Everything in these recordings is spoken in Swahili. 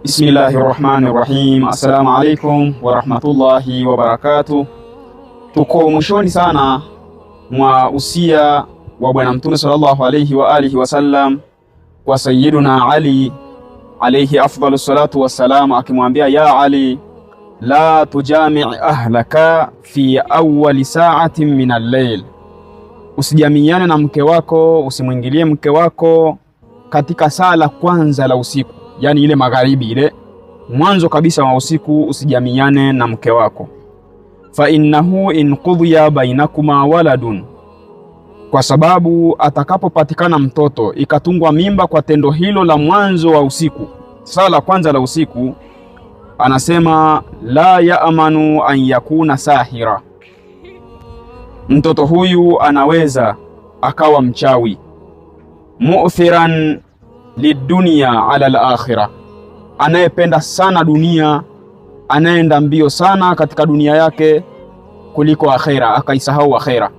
Bismillahi rahmani rahim. Assalamu alaikum warahmatullahi wabarakatuh. Tuko mwishoni sana mwa usia wa Bwana Mtume sallallahu alaihi wa alihi wasallam kwa Sayyiduna Ali alaihi afdalu salatu wassalam, akimwambia ya Ali, la tujami ahlaka fi awali sa'atin min alleil usijamiane na mke wako, usimwingilie mke wako katika saa la kwanza la usiku yani ile magharibi ile, mwanzo kabisa wa usiku usijamiane na mke wako. Fa innahu in qudhiya bainakuma waladun, kwa sababu atakapopatikana mtoto ikatungwa mimba kwa tendo hilo la mwanzo wa usiku, saa la kwanza la usiku, anasema la yaamanu an yakuna sahira, mtoto huyu anaweza akawa mchawi mu'thiran lidunia ala alakhira, anayependa sana dunia, anayeenda mbio sana katika dunia yake kuliko akhera, akaisahau akhera.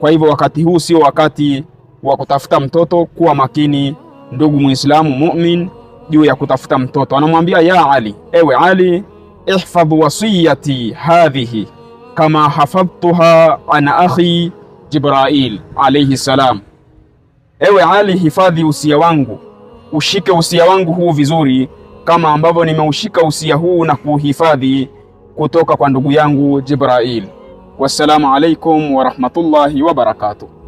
Kwa hivyo wakati huu sio wakati wa kutafuta mtoto. Kuwa makini ndugu Muislamu mumin juu ya kutafuta mtoto. Anamwambia ya Ali, ewe Ali, ihfadhu wasiyati hadhihi kama hafadhtuha an akhi Jibrail alayhi salam, ewe Ali, hifadhi usia wangu ushike usia wangu huu vizuri kama ambavyo nimeushika usia huu na kuuhifadhi kutoka kwa ndugu yangu Jibrail. Wassalamu alaikum warahmatullahi wabarakatuh.